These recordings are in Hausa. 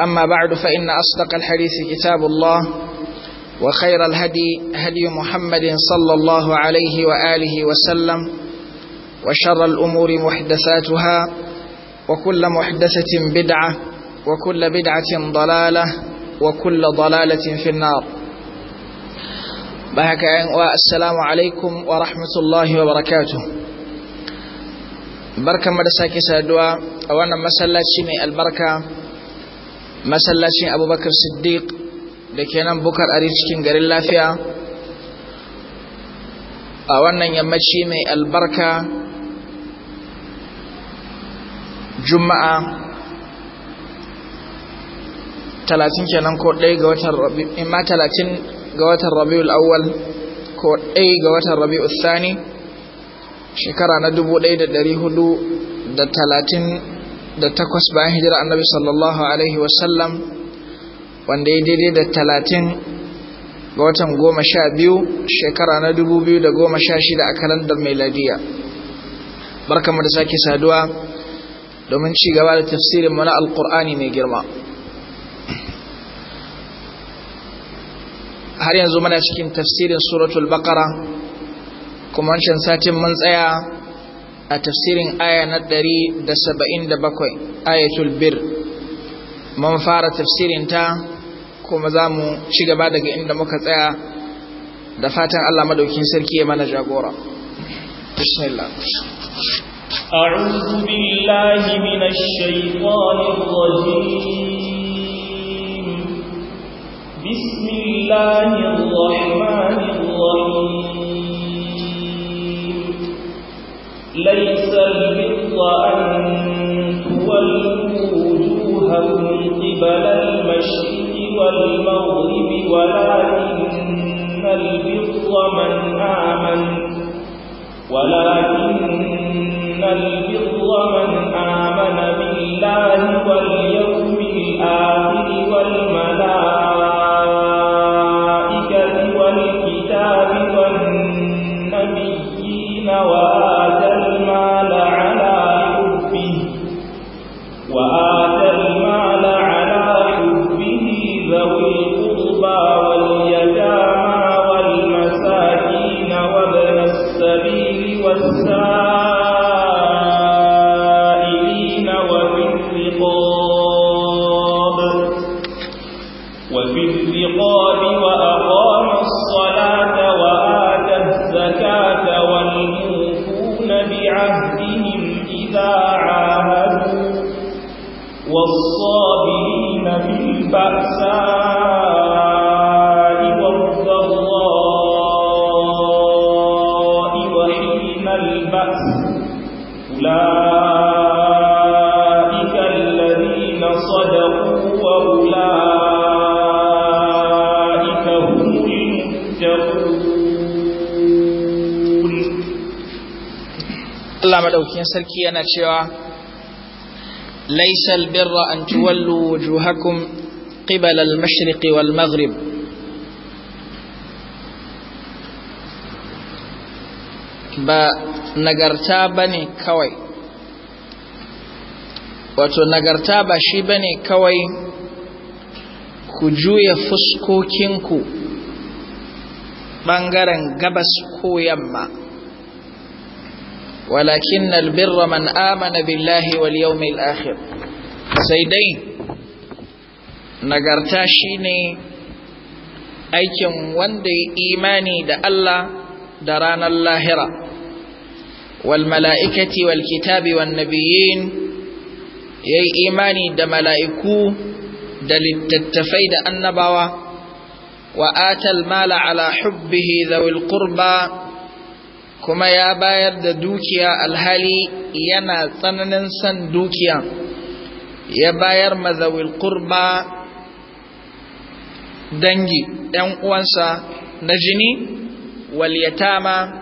أما بعد فإن أصدق الحديث كتاب الله وخير الهدي هدي محمد صلى الله عليه وآله وسلم وشر الأمور محدثاتها وكل محدثة بدعة وكل بدعة ضلالة وكل ضلالة في النار بهك والسلام عليكم ورحمة الله وبركاته بركة مدساكي سادوا وانا مسلات شمي البركة masallacin abubakar siddiq da ke nan bukar ari cikin garin lafiya a wannan yammaci mai albarka juma'a talatin kenan ko ɗaya ga watan rabi eh, ma talatin ga watan rabiu awwal ko ɗaya ga watan Rabi'u-Sani shekara na dubu ɗaya da ɗari hudu da talatin da takwas bayan hijira annabi sallallahu alaihi wasallam wanda ya daidai da talatin ga watan goma sha biyu shekara na dubu biyu da goma sha shida a kalandar mai ladiya. meladiya mu da sake saduwa domin ci gaba da tafsirin mana alkur'ani mai girma har yanzu muna cikin tafsirin suratul baqara kuma wancan satin mun tsaya a tafsirin aya na 177 ayatul bir mun fara tafsirin ta kuma za mu ci gaba daga inda muka tsaya da fatan Allah madaukin sarki ya mana jagora أعوذ بالله من الشيطان الرجيم بسم الله الرحمن الرحيم ليس البر أن تولوا وجوهكم قبل المشرق والمغرب ولكن البر من آمن ولكن البر من آمن بالله واليوم الآخر والملائكة أولئك الذين صدقوا وأولئك هم المتقون الله مدوكين سركي أنا شوى ليس البر أن تولوا وجوهكم قبل المشرق والمغرب ba nagarta bane kawai wato nagarta ba shi bane kawai ku juya fuskokinku ɓangaren gabas ko yamma walakin nalbirra man amana billahi wal yawmil akhir sai dai nagarta shine aikin wanda ya imani da Allah da ranar lahira والملائكة والكتاب والنبيين يي إيماني دا ملائكو دا للتتفي دا النبوة وآت المال على حبه ذوي القربى كما يا باير دا دوكيا الهالي ينا تننسا دوكيا يا باير ما ذوي القربى دنجي دنقوانسا نجني واليتامى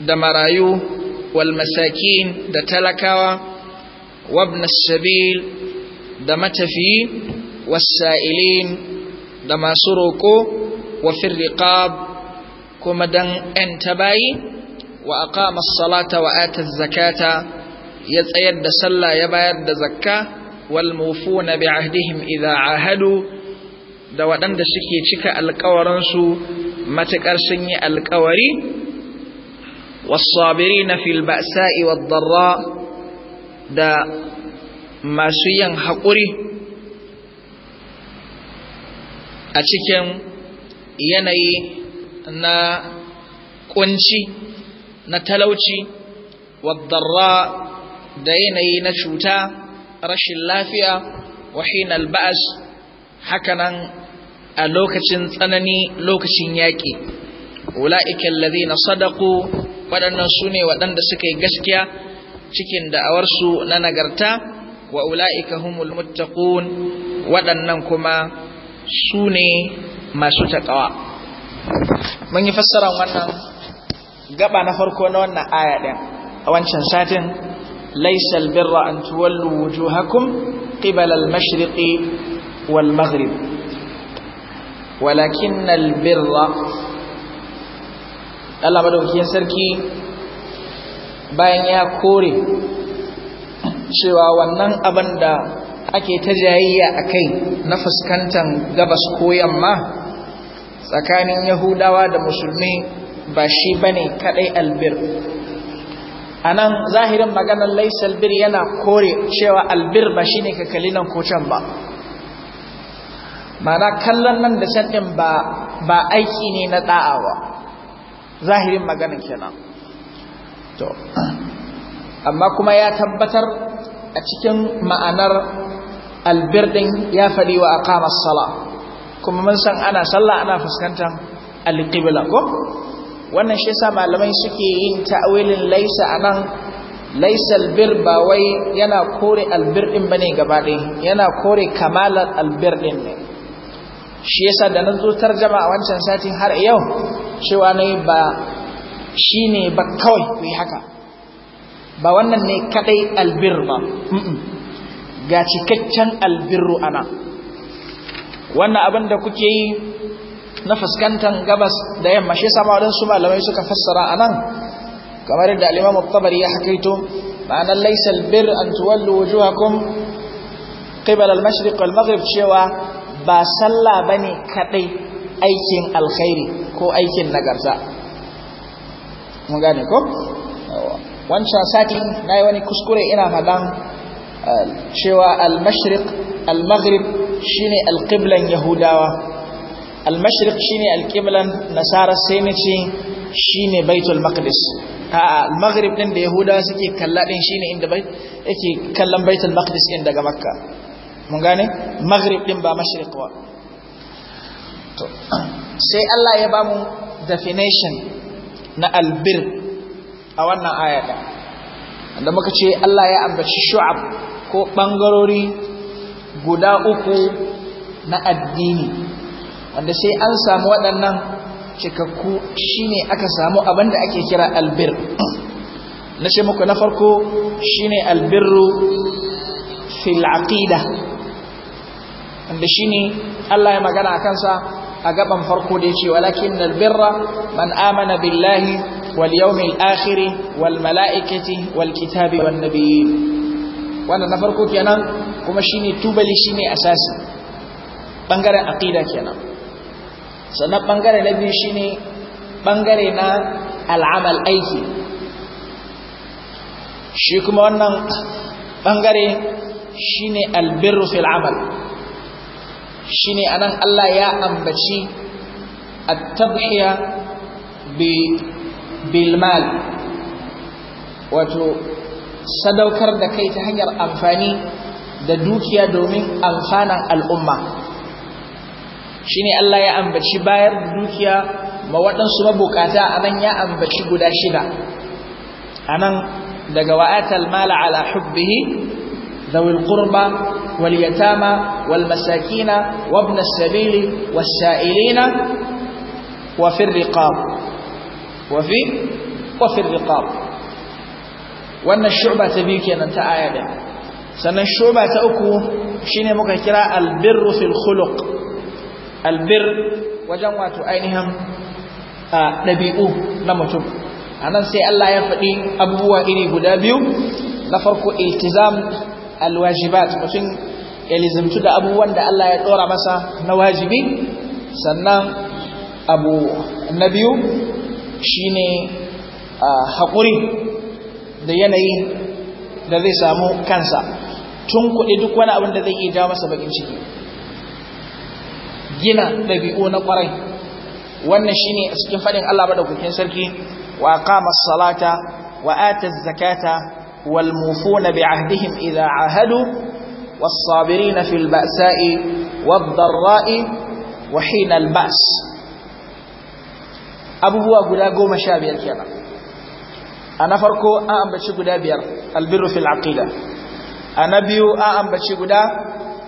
da marayu wal masakin da talakawa wabna sabil da matafiyi wasa'ilin da masu roƙo wa firriqab kuma dan ‘yan tabayi wa aqama salata wa ata zakata ya tsayar da sallah ya bayar da zakka wal mufuna bi ahdihim idza ahadu da waɗanda suke cika alƙawarinsu matuƙar sun yi alƙawari wasabirina fil ba'sa'i wad darra da masu yin haƙuri a cikin yanayi na kunci na talauci wadarra da yanayi na cuta rashin lafiya wahin alba'as hakanan a lokacin tsanani lokacin yaƙi ula'ikan na sadaku waɗannan su ne waɗanda suka yi gaskiya cikin da'awarsu na nagarta wa ula'ika humul muttaqun waɗannan kuma su ne masu taƙawa mun yi fassarar wannan gaba na farko na wannan aya ɗin a wancan satin laisal birra an tuwallu wujuhakum qibala al-mashriqi wal maghrib walakin birra Allah madaukakin sarki bayan ya kore cewa wannan abin da ake ta jayayya a kai na fuskantar gabas ko yamma tsakanin yahudawa da musulmi ba shi ba ne kaɗai albir a nan zahirin maganar laisar bir yana kore cewa albir ba shi ne nan ko kocan ba mana kallon nan da can ɗin ba aiki ne na ɗa'awa zahirin maganin kenan to amma kuma ya tabbatar a cikin ma'anar din ya faɗi wa aqama sala kuma mun san ana sallah ana fuskantar alqibla ko wannan shi yasa malamai suke yin ta'awilin laisa anan laisa albir ba wai yana kore albir din bane gaba yana kore kamalar albir din ne shi yasa da na zo tarjama a wancan satin har yau cewa ne ba shi ne ba kawai ku yi haka ba wannan ne kadai albir ba ga cikakken albirru ana wannan abin da kuke yi na fuskantar gabas da yamma shi sama waɗansu malamai suka fassara a nan kamar yadda al'imam tabari ya hakaito ma'anar laisal bir an tuwallu wujuhakum kun? al-mashriq wal cewa ba sallah bane kadai aikin alkhairi ko aikin nagarta mun gane ko wancan sati na yi wani kuskure ina faɗan eh, cewa al-mashriq al-maghrib shine al-qiblan yahudawa al-mashriq shine al-qiblan nasara sai nace shine baitul maqdis a al-maghrib din da yahudawa suke kalla din shine inda bai yake kallon baitul maqdis din daga makka mun gane maghrib ɗin ba mashriq sai Allah ya ba bamu definition na albir a wannan ayata da muka ce Allah ya ambaci shu'ab ko ɓangarori guda uku na addini wanda sai an samu waɗannan cikakku shine aka samu abinda ake kira albir na ce muku na farko shine albirru fil wanda wanda ne Allah ya magana a kansa a gaban farko da yace walakin birra man amana billahi wal yawmil akhiri wal malaikati wal kitabi wan nabiyyin wannan na farko kenan kuma shine tubali shine asasi bangaren aqida kenan sannan bangare na biyu shine bangare na al'amal aiki shi kuma wannan bangare shine albirru fil amal shine anan Allah ya ambaci at-tabhiya bi wato sadaukar da kai ta hanyar amfani da dukiya domin amfanan al'umma shine Allah ya ambaci bayar da dukiya ma waɗansu mabukata anan ya ambaci guda shida anan daga wa'atal mala ala hubbihi zawil qurba واليتامى والمساكين وابن السبيل والسائلين وفي الرقاب وفي وفي الرقاب وان الشعبه تبيك ان انت ايه sannan Shuba ta uku shine muka kira albirru fil khuluq albir wajen wato ainihin ɗabi'u na mutum Anan sai Allah ya faɗi abubuwa iri guda biyu na farko iltizam alwajibat mutum ya lizimtu da abubuwan da Allah ya ɗora masa na wajibi sannan abu na biyu shine haƙuri da yanayi da zai samu kansa tun kuɗi duk wani abin da zai iya jawo masa bakin ciki gina ɗabi'u na ƙwarai wannan shine a cikin faɗin Allah madaukakin sarki wa ƙamar salata wa zakata والموفون بعهدهم إذا عاهدوا والصابرين في البأساء والضراء وحين البأس أبوه قد قوم شابه الكلام أنا فرقو أم بشي قد بير البر في العقيدة أنا بيو أم بشي قد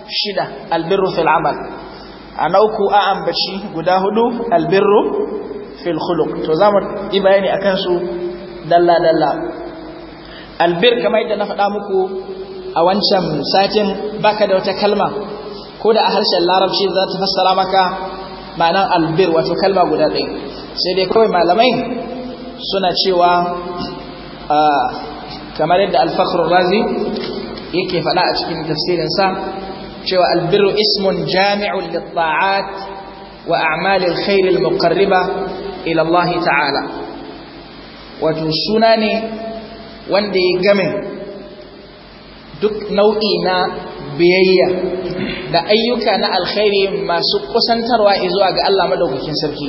شدة البر في العمل أنا أكو أم بشي قد هدو البر في الخلق تزامن إبعاني أكنسو دلا دلا albir kamar yadda na faɗa muku a wancan satin baka da wata kalma ko da a harshen larabci za ta fassara maka ma'anar albir wato kalma guda ɗaya sai dai kawai malamai suna cewa kamar yadda alfakhrul razi yake faɗa a cikin tafsirinsa cewa albiru ismun jami'un litta'at wa a'malil khairil muqarriba ila Allah ta'ala wato suna ne wanda ya game duk nau'i na biyayya da ayyuka na alkhairi masu kusantarwa zuwa ga Allah madaukakin sarki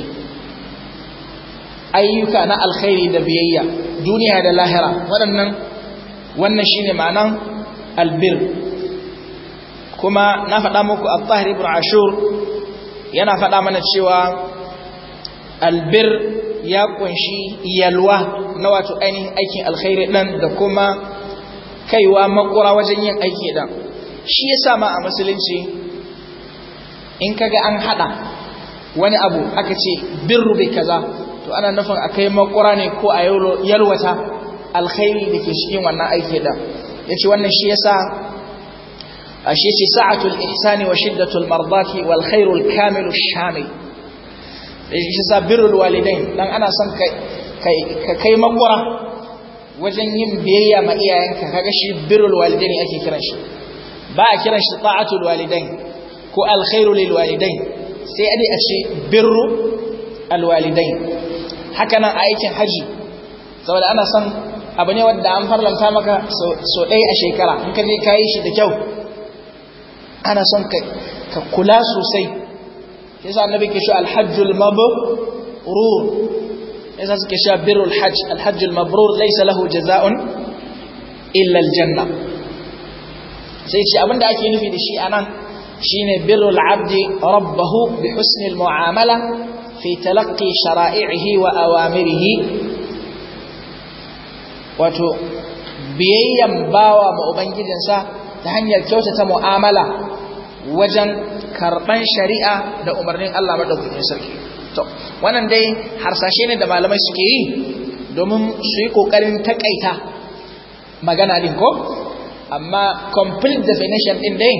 ayyuka na alkhairi da biyayya duniya da lahira waɗannan wannan shine ma'anan albir kuma na faɗa muku al ibn ashur yana faɗa mana cewa albir ya kunshi yalwa na wato ainihin aikin alkhairi dan da kuma kaiwa makura wajen yin aiki ɗan shi yasa ma a musulunci in kaga an haɗa wani abu aka ce birru bi kaza to ana nufin a kai makura ne ko a yalwata alkhairi ke cikin wannan aiki dan ce wannan shi yasa shi yace sa'atul ihsani wa shiddatul mardati wal khairul kamilu shamil shi sa birrul walidain dan ana son ka kai makwara wajen yin biyayya ma iyayenka kaga shi birrul walidain ake kiran shi ba a kiran shi ta'atul walidain ko alkhairu lil walidain sai dai a ce birru al walidain haka nan aikin haji saboda ana son abu ne wanda an farlanta maka so ɗaya a shekara in ka je ka shi da kyau ana son ka kula sosai yasa annabi ke shi alhajjul mabrur yasa suke sha birrul hajj alhajjul mabrur laysa lahu jazaa'un illa aljanna sai ce abinda ake nufi da shi anan shine birrul abdi rabbahu bi husnil mu'amala fi talaqqi shara'ihi wa awamirihi wato biyayyan bawa ma ubangijinsa ta hanyar kyautata mu'amala wajen karɓan shari'a da umarnin Allah maɗaukakin sarki to wannan dai harsashe ne da malamai suke yi domin su yi ƙoƙarin taƙaita magana din ko amma complete definition din dai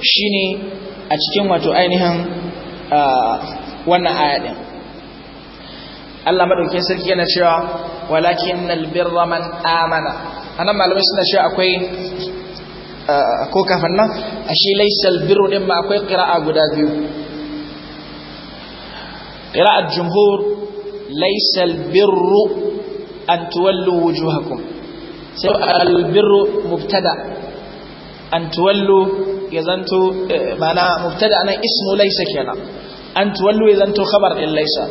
shi ne a cikin wato ainihin wannan aya Allah madaukakin sarki yana cewa walakin albirra man amana anan malamai suna cewa akwai ko kafin nan a shi laisal birru ɗin ma akwai ƙira'a guda biyu ƙira'ar jumhur laisal birru an tuwallu wujuhakum sai albirru mubtada an tuwallu ya zanto eh, mana mubtada nan ismu laisa kenan an tuwallu ya zanto khabar ɗin laisa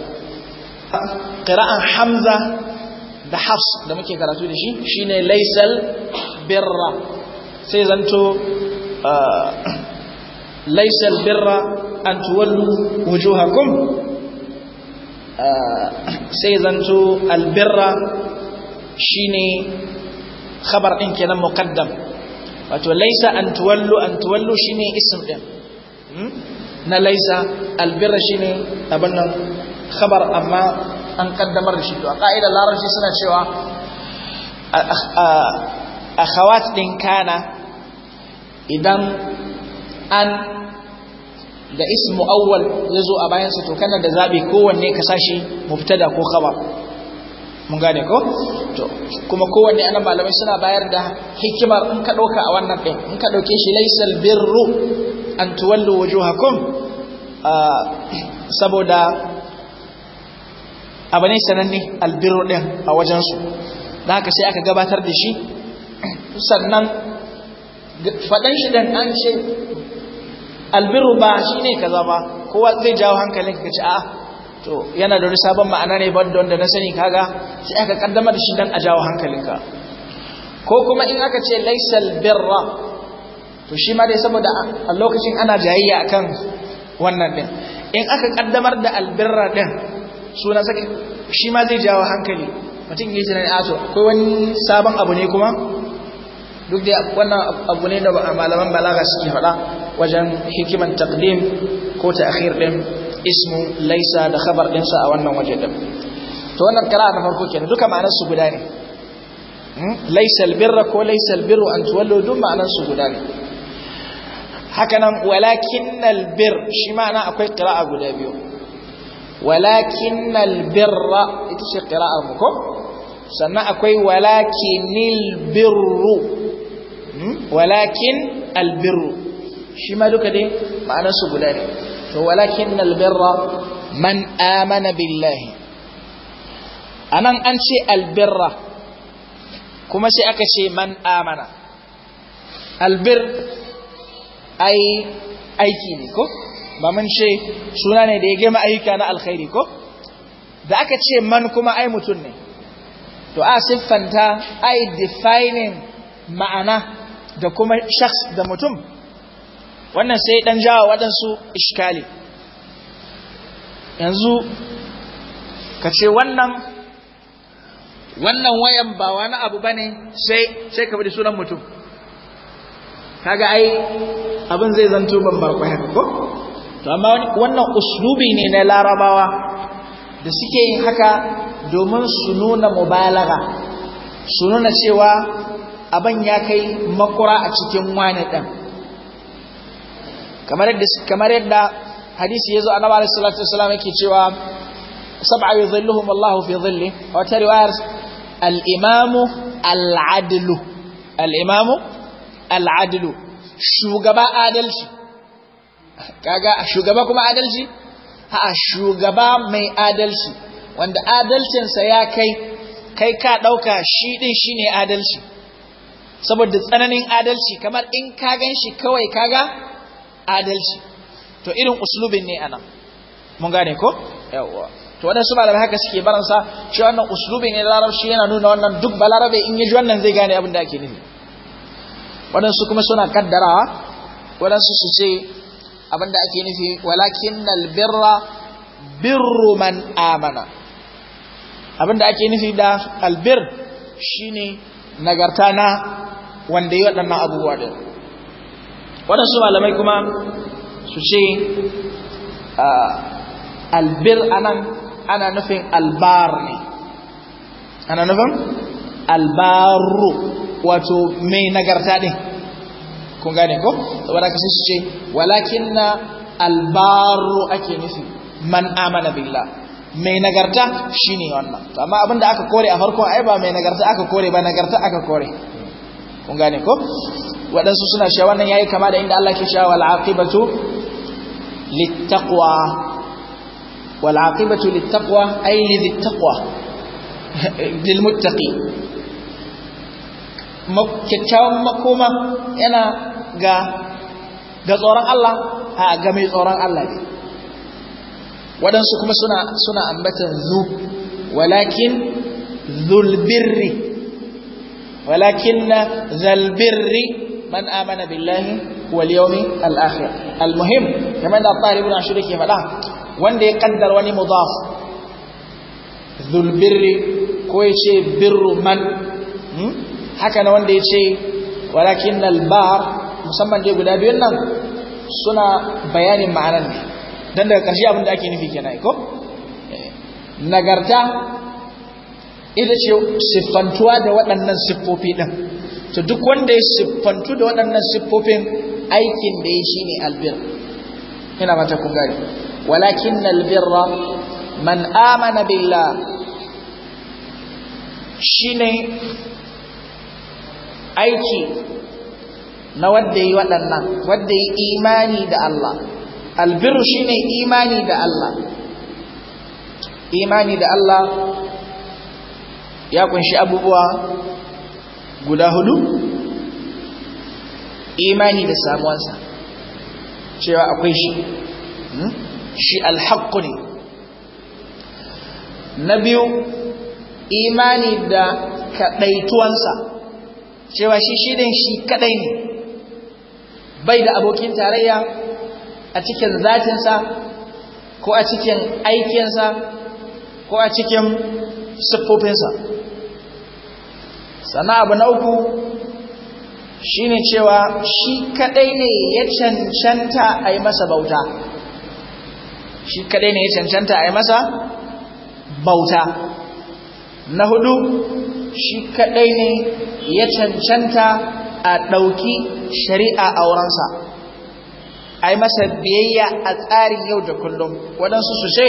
ƙira'an hamza da hafs da muke karatu da shi shi ne laisal birra sai zanto ah, laisal birra an tuwallu wujuhakum ah, sai zanto albirra shi shine khabar ɗin kenan muqaddam wato laisa an tuwallu an tuwallu shi shine ism ɗin. Hmm? na laisa albirra shine abin nan khabar amma an kaddamar da shi to a ka'idar larabci suna cewa akhawat din kana idan an da ismu awwal ya zo a bayansa to kana da zaɓi kowanne ka sashi mubtada ko khabar mun gane ko to kuma kowanne anan malamai suna bayar da hikimar in ka ɗauka a wannan ɗin in ka ɗauke shi laisal birru an tuwallu wujuhakum saboda abu ne sananne albirru ɗin a wajensu da haka sai aka gabatar da shi sannan faɗan shi dan an ce albiru ba shi ne kaza ba kowa zai jawo hankalin ka ce a to yana da sabon ma'ana ne banda wanda na sani kaga sai aka kaddama da shi dan a jawo hankalinka ko kuma in aka ce laisal birra to shi ma dai saboda a lokacin ana jayayya akan wannan din in aka kaddamar da albirra din suna sake shi ma zai jawo hankali mutum yi a to akwai wani sabon abu ne kuma duk da wannan abu ne da malaman balaga suke faɗa wajen hikiman taqdim ko ta'khir din ismu laysa da khabar din sa a wannan waje din to wannan kira na farko kenan duka ma'anar su guda ne hmm? laysa albirra ko laysa albirru an tuwallu duk ma'anar su guda ne haka nan walakinnal bir shi ma'ana akwai qira'a guda biyu Walakin birra ita ce qira'a mu ko sannan akwai walakinnil birru walakin albirru shi ma duka dai ma'anarsu guda ne to walakin albirra man amana billahi anan an ce albirra kuma sai aka ce man amana albir ai aiki ne ko ba mun ce suna ne da ya gama ayyuka na alkhairi ko da aka ce man kuma ai mutum ne to a siffanta ai defining ma'ana da kuma shakhs da mutum wannan sai dan jawa waɗansu iskali yanzu ka ce wannan wannan wayan ba wani abu bane sai sai ka bi sunan mutum kaga ai abin zai zanto ban barkwai ko to amma wannan uslubi ne na larabawa da suke yin haka domin su nuna mubalaga su cewa aban ya kai makura a cikin wani ɗan kamar yadda hadisi ya zo a alaihi salatu wasallam yake cewa sab'a yuzilluhum Allahu fi dhilli wa ta riwayar al-imamu al-adlu al-imamu al-adlu shugaba adalci kaga shugaba kuma adalci ha shugaba mai adalci wanda adalcinsa ya kai kai ka ɗauka shi ɗin shine adalci saboda tsananin adalci kamar in ka gan shi kawai kaga adalci to irin uslubin ne anan mun gane ko yawwa to waɗansu malamai haka suke baransa shi wannan uslubi ne larabci yana nuna wannan duk balarabe in yi wannan zai gane abin da ake nufi Wadansu kuma suna kaddarawa Wadansu su ce abin da ake nufi walakin albirra birru man amana abin da ake nufi da albir shine nagarta na wanda ya waɗannan abubuwa ɗin waɗansu malamai kuma su ce albir anan ana nufin albar ne ana nufin albaru wato mai nagarta ɗin kun gane ko saboda ka su ce walakin na albaru ake nufi man amana billah mai nagarta shine wannan amma abinda aka kore a farko ai ba mai nagarta aka kore ba nagarta aka kore kun gane ko waɗansu suna sha wannan yayi kama da inda Allah ke cewa wal aqibatu littaqwa wal aqibatu littaqwa ay littaqwa lil muttaqi kyakkyawan makoma yana ga ga tsoron Allah a ga mai tsoron Allah ne waɗansu kuma suna suna ambatan zu walakin zulbirri walakinna zal birri man amana billahi wal yawmi al akhir al muhim kamar da talib ibn ke faɗa wanda ya kaddar wani mudaf zul birri ko ya ce birru man haka na wanda ya ce walakin al bar musamman guda biyun nan suna bayanin ma'anar ne dan daga ƙarshe abin da ake nufi kenan ko nagarta ita ce siffantuwa da waɗannan siffofi ɗin to duk wanda ya siffantu da waɗannan siffofin aikin da ya shi ne albir ina mata kun gari walakin albirra man amana billah shi ne aiki na wadda yi waɗannan wadda yi imani da Allah Albiru shi ne imani da Allah imani da Allah ya kunshi abubuwa guda hudu imani da samuwansa cewa akwai shi hmm? shi alhaƙu ne na biyu imani da kaɗaituwansa cewa shi shiɗin shi kaɗai ne bai da abokin tarayya a cikin zatinsa ko a cikin aikinsa ko a cikin siffofinsa Sana abu na uku shine cewa shi kadai ne ya cancanta a yi masa bauta shi kadai ne ya cancanta a yi masa bauta na hudu shi kadai ne ya cancanta a ɗauki shari'a a aurensa a yi masa biyayya a tsarin yau da kullum waɗansu su ce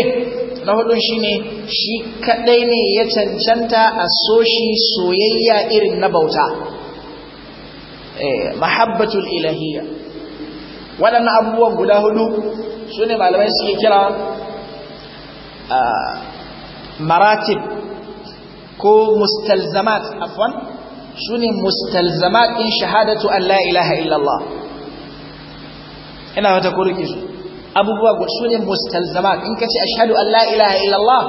na hudun shi ne shi kaɗai ne ya cancanta a soshi soyayya irin na bauta eh, mahabbatul ilahiyya waɗannan abubuwan guda hudu su ne malamai suke kira maratib ko mustalzamat afwan su ne mustalzamat in shahadatu an la ilaha illallah ina wata ko rike su abubuwa su ne mustalzama in ka ce ashhadu an la ilaha illallah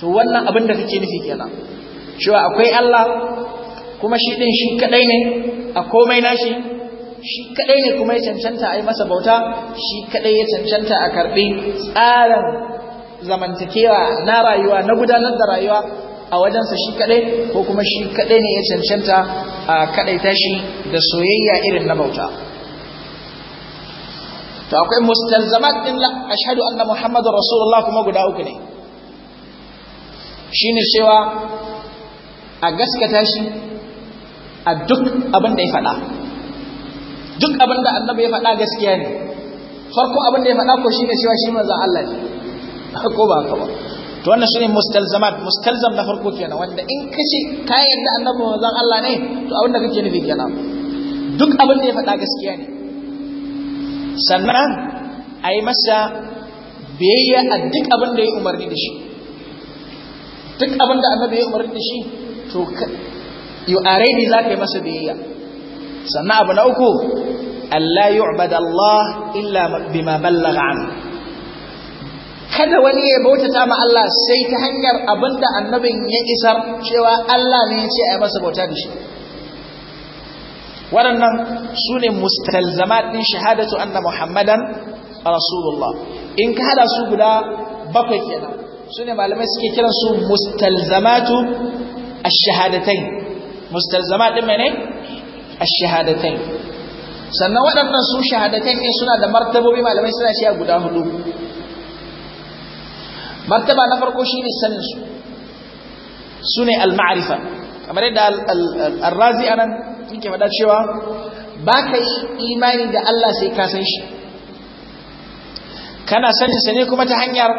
to wannan abin da kake nufi kenan cewa akwai Allah kuma shi din shi kadai ne a komai nashi shi kadai ne kuma ya cancanta a yi masa bauta shi kadai ya cancanta a karbi tsarin zamantakewa na rayuwa na gudanar da rayuwa a wajensa shi kadai ko kuma shi kadai ne ya cancanta a kadaita shi da soyayya irin na bauta to akwai mustalzamat din la ashhadu anna muhammadar rasulullah kuma guda uku ne shine cewa a gaskata shi a duk abin da ya faɗa duk abin da annabi ya faɗa gaskiya ne farko abin da ya faɗa ko shine cewa shi manzon Allah ne ko ba ka ba to wannan shine mustalzamat mustalzam na farko kenan wanda in kace ka yarda annabi manzon Allah ne to abin da kake nufi kenan duk abin da ya faɗa gaskiya ne sannan a yi masa biyayya a duk abin da ya umarni da shi duk abin da annabi ya umarni da shi to yi ne za ka yi masa biyayya sannan abu na uku Allah yu'bada Allah illa bima ballagha an kada wani ya bautata ma Allah sai ta hanyar abin da annabin ya isar cewa Allah ne ya ce a yi masa bauta da shi waɗannan su ne mustalzamat ɗin shahadatu anna muhammadan rasulullah in ka hada su guda bakwai kenan su ne malamai suke kiran su mustalzamatu a shahadatai. mustalzamat ɗin mene a shahadatai. sannan waɗannan su shahadatai ɗin suna da martabobi malamai suna cewa guda hudu martaba na farko shi ne sanin su sune al-ma'rifa kamar yadda al-razi anan yake faɗa cewa ba ka yi imani da Allah sai ka san shi kana sanin sa ne kuma ta hanyar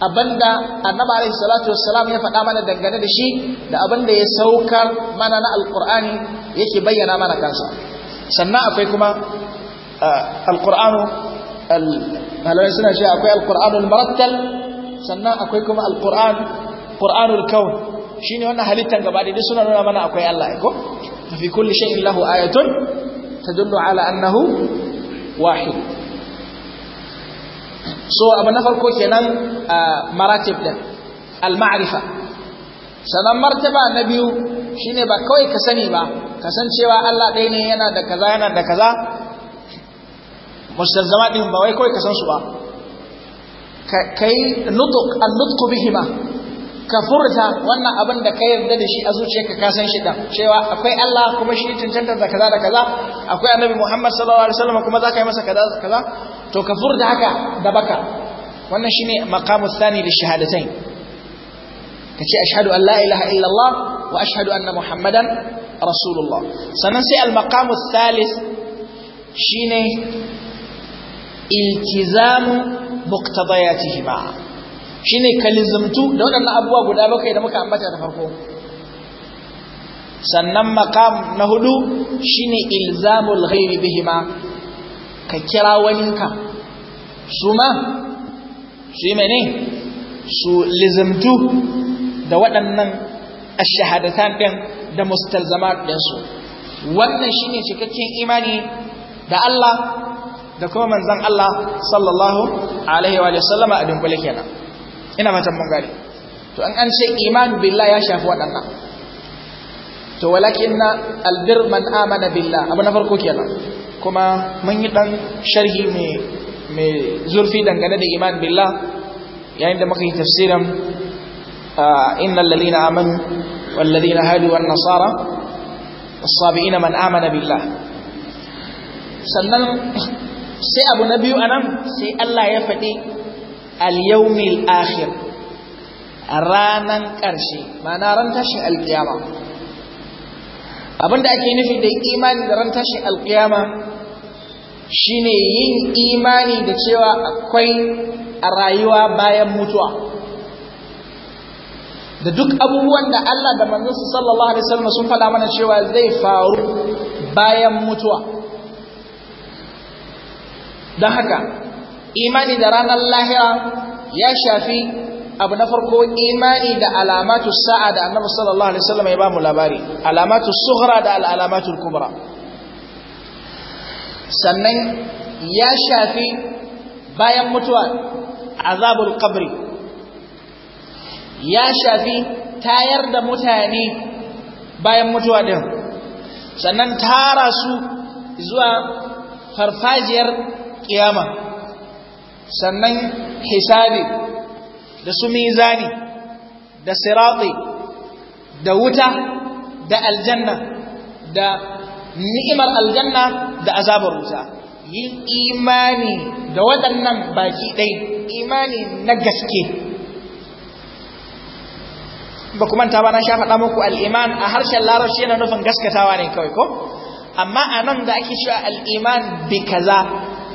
abinda annaba alaihi salatu wassalam ya faɗa mana dangane da shi da abinda ya saukar mana na alqur'ani yake bayyana mana kansa sannan akwai kuma alqur'anu malamai suna cewa akwai alqur'anul marattal, sannan akwai kuma alqur'an qur'anul kawn shine wannan halittar gaba da suna nuna mana akwai Allah ko fi kulli shay'in lahu ayatun tadullu ala annahu wahid so abu na farko kenan maratib din al-ma'rifa sanan martaba na biyu shine ba kawai ka sani ba kasancewa Allah ɗaya ne yana da kaza yana da kaza mustazama din ba wai kawai ka san su ba kai nutq an-nutq bihima ka furta wannan abin da ka yarda da shi a zuciyarka ka san shi da cewa akwai Allah kuma shi cancanta da kaza da kaza akwai Annabi Muhammad sallallahu alaihi wasallam kuma zaka yi masa kaza da kaza to ka furta haka da baka wannan shine maqamu thani li shahadatain kace ashhadu an la ilaha illa Allah wa ashhadu anna Muhammadan rasulullah sannan sai al maqamu thalith shine iltizamu muqtadayatihima shine kalizumtu da waɗannan abubuwa guda bakwai da muka ambata da farko sannan makam na hudu shine ilzamul ghairi bihima ka kira waninka su ma su yi mene su lizumtu da waɗannan ashahadatan ɗin da mustalzamat ɗinsu wannan shine cikakken imani da Allah da kuma manzon Allah sallallahu alaihi wa sallama a kenan ina matan mun gane to an an ce iman billah ya shafi waɗannan to walakin na albir man amana billah abu na farko kenan kuma mun yi dan sharhi mai zurfi dangane da iman billah yayin da muka yi tafsirin innal ladina amanu wal ladina hadu wan nasara as-sabiina man amana بالله sannan sai abu na biyu anan sai Allah ya faɗi al-yawmil akhir ranan ƙarshe ma'ana ran tashin alƙiyama abinda ake nufi da imani da ran tashin alƙiyama shine yin imani da cewa akwai rayuwa bayan mutuwa da duk abubuwan da Allah da manzansa sallallahu alaihi wasallam sun faɗa mana cewa zai faru bayan mutuwa don haka imani da ranar lahira ya shafi abu na farko imani da alamatu sa'a da annabi sallallahu alaihi wasallam ya ba mu labari alamatu suhra da alamatu kubra sannan ya shafi bayan mutuwa azabul qabri ya shafi tayar da mutane bayan mutuwa din sannan tara su zuwa farfajiyar kiyama sannan hisabi da su mizani da sirati da wuta da aljanna da ni'imar aljanna da azabar wuta yin imani da waɗannan baki ɗai imani na gaske ba kuma ta ba na sha faɗa muku al'iman a harshen larabci yana nufin gaskatawa ne kawai ko amma a nan da ake cewa al'iman bi kaza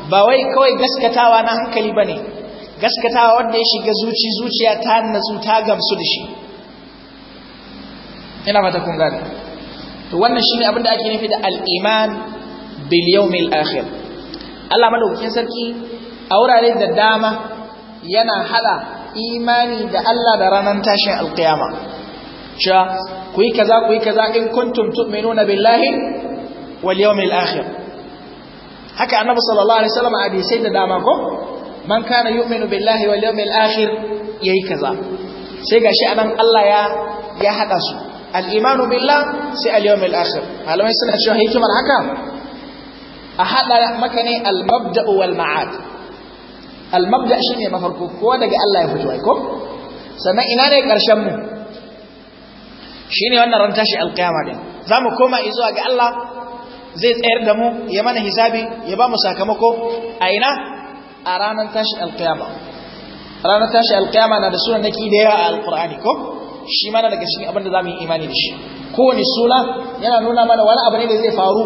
ba wai kawai gaskatawa na hankali ba ne gaskatawa wanda ya shiga zuci zuciya ta natsu ta gamsu da shi ina mata kun gane to wannan shine abin da ake nufi da al'iman biliyau mil akhir Allah madaukakin sarki a wurare da dama yana hada imani da Allah da ranar tashin alkiyama cewa ku yi kaza ku yi kaza in kuntum tu'minuna billahi wal yawmil akhir haka annabi sallallahu alaihi wasallam a bisai da dama ko man kana yu'minu billahi wal yawmil akhir yayi kaza sai gashi anan Allah ya ya hada su al imanu billah sai al yawmil akhir malamai suna cewa hikimar haka a hada maka ne al mabda'u wal ma'ad al mabda' shine mafarko kowa daga Allah ya fito ko sannan ina ne karshen mu shine wannan ran tashi alqiyama din zamu koma izuwa ga Allah zai tsayar da mu ya mana hisabi ya ba mu sakamako a ina a ranar tashi alkiyama ranar tashi alkiyama na da sunan naki da yawa a alkur'ani ko shi mana daga cikin abin da za mu yi imani da shi kowane suna yana nuna mana wani abu ne da zai faru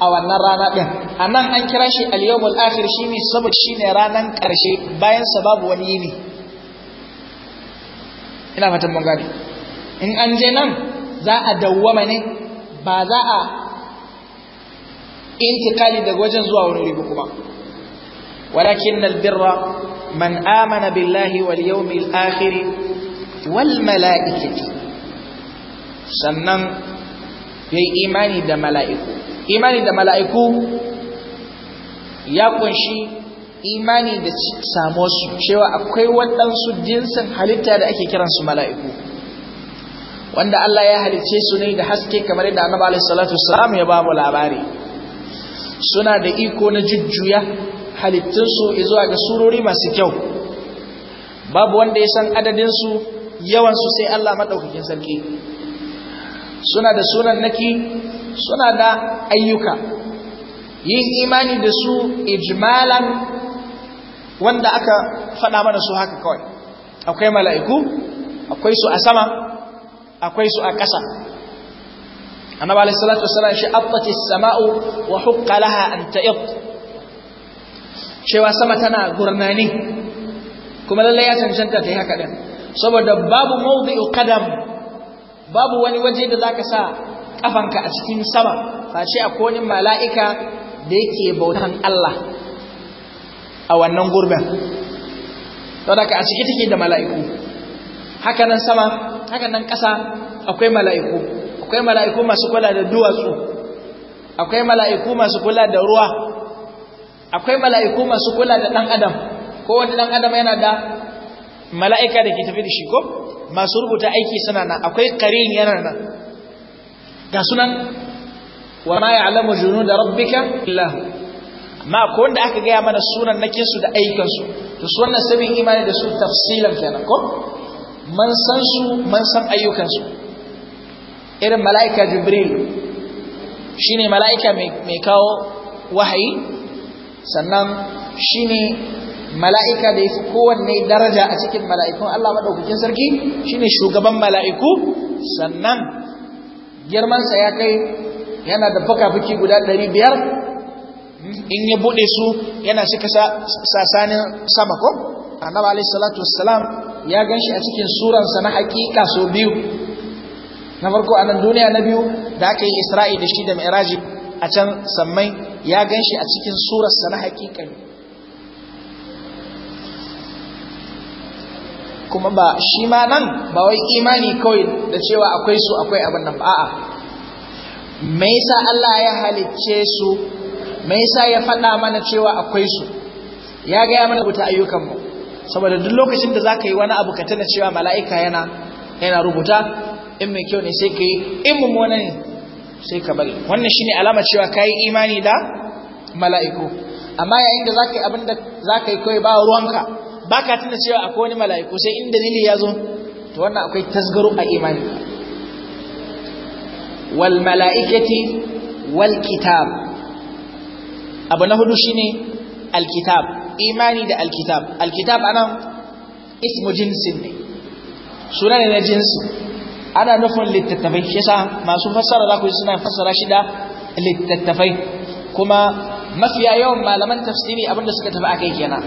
a wannan rana ɗin a nan an kira shi aliyomul akhir shi ne saboda shi ne ranar ƙarshe bayan sa babu wani yini ina fatan mun gane in an je nan za a dawwama ne ba za a intikali daga wajen zuwa wurin riba kuma walakin albirra man amana billahi wal yawmil akhir wal mala'ikati sannan yayi imani da mala'iku imani da mala'iku ya kunshi imani da samo su cewa akwai waɗansu jinsin halitta da ake kiransu mala'iku wanda Allah ya halice su ne da haske kamar yadda annabi alaihi salatu wassalam ya ba mu labari suna da iko na jujjuya halittunsu a ga surori masu kyau babu wanda ya san adadinsu yawansu sai Allah maɗaukakin sarki suna da sunan naki suna da ayyuka yin imani da su ijmalan wanda aka faɗa mana su haka kawai akwai mala'iku akwai su a sama akwai su a ƙasa annabi alayhi salatu wasallam shi abbati sama'u wa huqqa laha an ta'id cewa sama tana gurnani kuma lalle ya cancanta ta yi haka din saboda babu mawdi'u qadam babu wani waje da zaka sa kafanka a cikin sama face akwai wani mala'ika da yake bautan Allah a wannan gurbin don haka a ciki take da mala'iku haka nan sama haka nan ƙasa akwai mala'iku akwai mala'iku masu kula da duwatsu akwai mala'iku masu kula da ruwa akwai mala'iku masu kula da ɗan adam Ko wani ɗan adam yana da mala'ika da ke tafi da shi ko masu rubuta aiki suna nan akwai karin yana nan ga sunan wa ma junu da rabbika illa ma ko wanda aka gaya mana sunan na su da ayyukansu, to su wannan sabin imani da su tafsilan kenan ko man san su man san ayyukan su irin mala'ika jibril shi mala'ika mai kawo wahayi sannan shi mala'ika da ya fi kowanne daraja a cikin mala'ikun Allah maɗaukakin sarki shi ne shugaban mala'iku sannan girmansa ya kai yana da fuka-fuki guda ɗari biyar in ya buɗe su yana cika sasanin sama ko annabi alaihi salatu wassalam ya ganshi a cikin suransa na haƙiƙa sau biyu na farko a nan duniya na biyu da aka yi isra'i da shi da mi'raji a can sammai ya gan shi a cikin surarsa na hakikan kuma ba shi ma nan ba wai imani kawai da cewa akwai su akwai abin nan a'a me yasa Allah ya halicce su me yasa ya faɗa mana cewa akwai su ya gaya mana rubuta ayyukanmu saboda duk lokacin da za ka yi wani abu ka tana cewa mala'ika yana yana rubuta in mai kyau ne sai ka yi in mummuna ne sai ka bari wannan shine alama cewa ka yi imani da mala'iku amma yayin da za ka yi abin da za ka yi kawai ba ruwanka ba ka tuna cewa akwai wani mala'iku sai in dalili ya zo to wannan akwai tasgaro a imani wal mala'ikati wal kitab abu na hudu shine alkitab imani da alkitab alkitab anan ismu jinsin ne suna ne na jinsu ana nufin littattafai shi masu fassara za ku yi suna fassara shida da littattafai kuma mafiya yawan malaman tafsiri abinda suka tafi akai kenan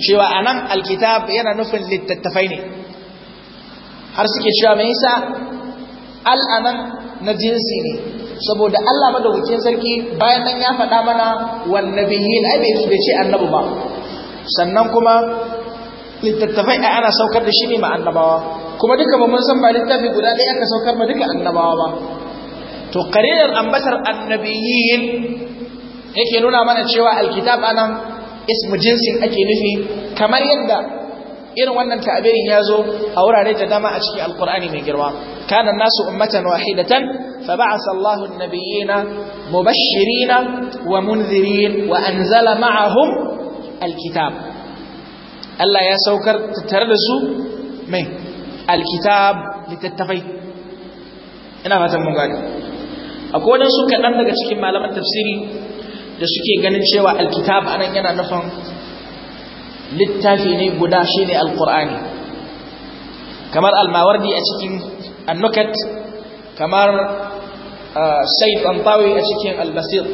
cewa anan alkitab yana nufin littattafai ne har suke cewa me yasa al na jinsi ne saboda Allah madaukakin sarki bayan nan ya faɗa mana wan nabiyyin ai bai ce annabi ba sannan kuma littattafai ana saukar da shi ne ma annabawa kuma duka ba mun san ba littafi guda ɗaya aka saukar ma duka annabawa ba to karirar ambatar annabiyin yake nuna mana cewa alkitab anan ismu jinsin ake nufi kamar yadda irin wannan ta'abirin ya zo a wurare da dama a cikin alkur'ani mai girma kana nasu ummatan wahidatan fa ba'atha Allahu an-nabiyina mubashshirina wa munzirin wa anzala ma'ahum alkitab Allah ya saukar tattare da su mai alkitab littattafai ina fatan mun gane akwai wadansu kaɗan daga cikin malaman tafsiri da suke ganin cewa alkitab anan yana nufin littafi ne guda shi ne alkur'ani kamar almawardi a cikin annukat kamar ah, saif antawi a cikin albasir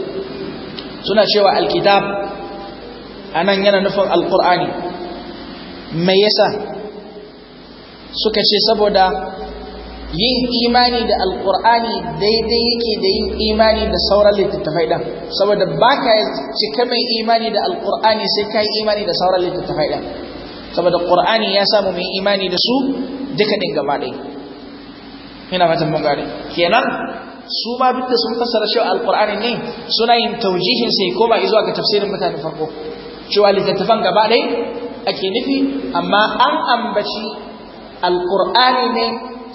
suna cewa alkitab anan yana nufin alkur'ani mai yasa suka ce saboda yin imani da alkur'ani daidai yake da yin imani da sauran littattafai ɗan saboda ba ka cika mai imani da alkur'ani sai ka yi imani da sauran littattafai ɗan saboda ƙur'ani ya samu mai imani da su duka ɗin gaba ɗai ina fatan mun gane kenan su ma duk da sun fassara cewa alkur'ani ne suna yin taujihin sai ko ba zuwa ga tafsirin mutanen farko cewa littattafan gaba ɗai ake nufi amma an ambaci alƙur'ani ne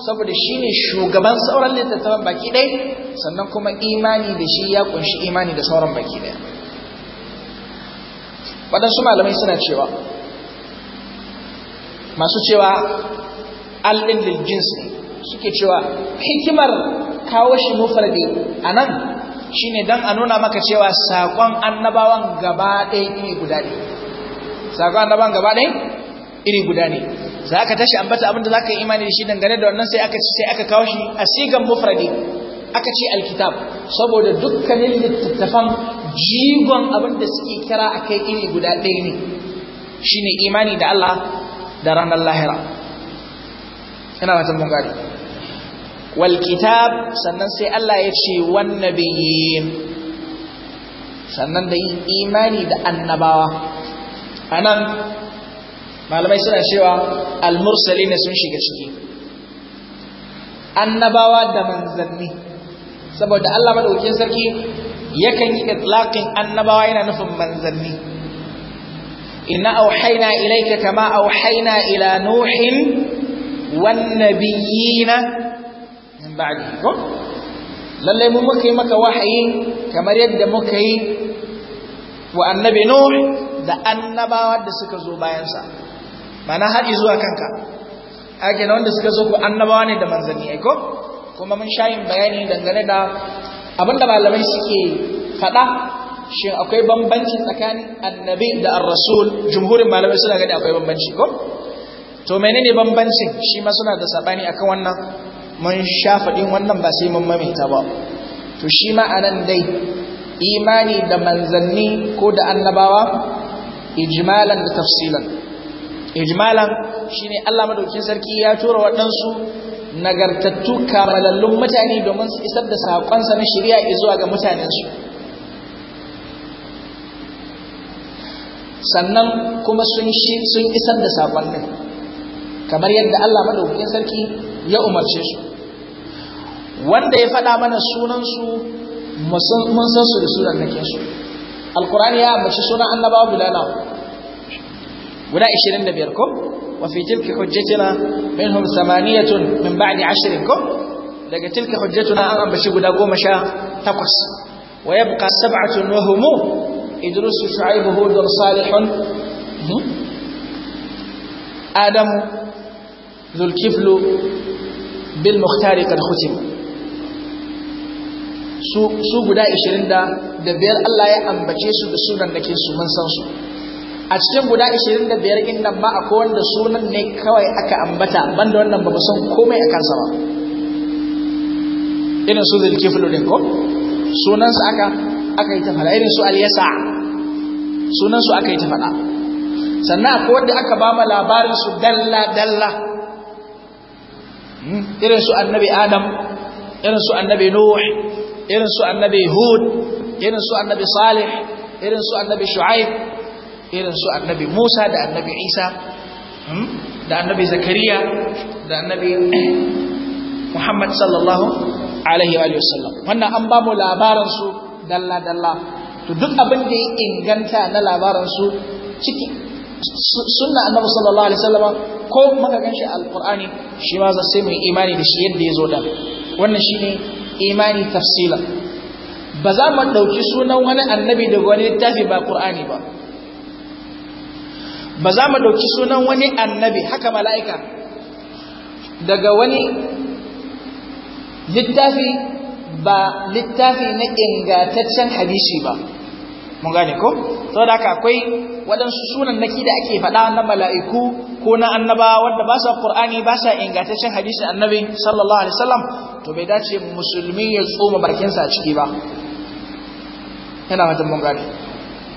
saboda shi ne shugaban sauran littattafan baki ɗaya, sannan kuma imani da shi ya ƙunshi imani da sauran baki ɗaya waɗansu malamai suna cewa masu cewa alɗin liljins ne suke cewa hikimar kawo shi mufardi a nan shi ne don a nuna maka cewa saƙon annabawan gaba ɗaya iri guda ne saƙon annabawan gaba ɗaya iri guda ne za ka tashi ambata abinda za ka yi imani da shi dangane da wannan sai aka ci sai aka kawo shi a sigan mufradi aka ce alkitab saboda dukkanin littattafan jigon abinda suke kira a kai iri guda ɗaya ne shi ne imani da Allah da ranar lahira ina matan mun gari wal sannan sai Allah ya ce wannabiyin sannan da yin imani da annabawa a nan. malamai suna cewa almursali ne sun shiga ciki annabawa da manzanni saboda Allah madaukakin sarki yakan yi itlaqin annabawa yana nufin manzanni inna auhayna ilayka kama auhayna ila nuhin wan nabiyina min ba'dihi ko lalle mun muka yi maka wahayi kamar yadda muka yi wa annabi nuh da annabawa da suka zo bayansa mana haɗi zuwa kanka ake na wanda suka so ku annabawa ne da manzanni ko kuma mun sha yin bayani dangane da abinda malamai suke faɗa shin akwai bambanci tsakanin annabi da ar-rasul jumhurin malamai suna gani akwai bambanci ko to menene bambancin shi ma suna da sabani akan wannan mun sha faɗin wannan ba sai mun maimaita ba to shi ma anan dai imani da manzanni ko da annabawa ijmalan da tafsilan ijmalan shine Allah madaukin sarki ya tura waɗansu nagartattu kamalallun mutane domin su isar da saƙonsa na shari'a zuwa ga mutanensu sannan kuma sun sun isar da sakon ɗin kamar yadda Allah madaukin sarki ya umarce su wanda ya faɗa mana sunansu mun san su da sunan nake su alqur'ani ya ambaci sunan annabawa guda nawa ولا إشرين نبيركم وفي تلك حجتنا منهم ثمانية من بعد عشركم لقى تلك حجتنا أرم بشيب لقو مشا تقص ويبقى سبعة وهم إدرس شعيب هود صالح آدم ذو الكفل بالمختار قد ختم سو guda 20 da biyar Allah ya ambace su da sunan da ke su a cikin guda 25 din nan a akwai wanda sunan ne kawai aka ambata ban da wannan ba mu san komai a kansa ba irin su zulkiflu ne ko sunansu aka aka yi ta fada irin su alyasa sunansu aka yi ta fada sannan akwai wanda aka ba mu labarin su dalla dalla hmm? irin su annabi adam irin su annabi nuh irin su annabi hud irin su annabi salih irin su annabi shu'aib irin su annabi Musa da annabi Isa hmm? da annabi Zakariya da annabi Muhammad sallallahu alaihi wa sallam wannan an ba mu labaran su dalla dalla to duk abin da ya inganta na labaran su ciki sunna annabi sallallahu alaihi wasallam ko muka ganshi alqur'ani shi ma za sai mu imani da shi yadda ya zo da wannan shine imani tafsila ba za mu dauki sunan wani annabi daga wani littafi ba qur'ani ba ba za mu ɗauki sunan wani annabi haka mala'ika daga wani littafi ba littafi na ingantaccen hadishi ba mun gane ko saboda haka akwai waɗansu sunan naki da ake faɗa na mala'iku ko na annaba wadda ba sa ƙurani ba sa ingantaccen hadishi annabi sallallahu alaihi Sallam, to bai dace musulmi ya tsoma barkinsa a ciki ba yana matan mun gane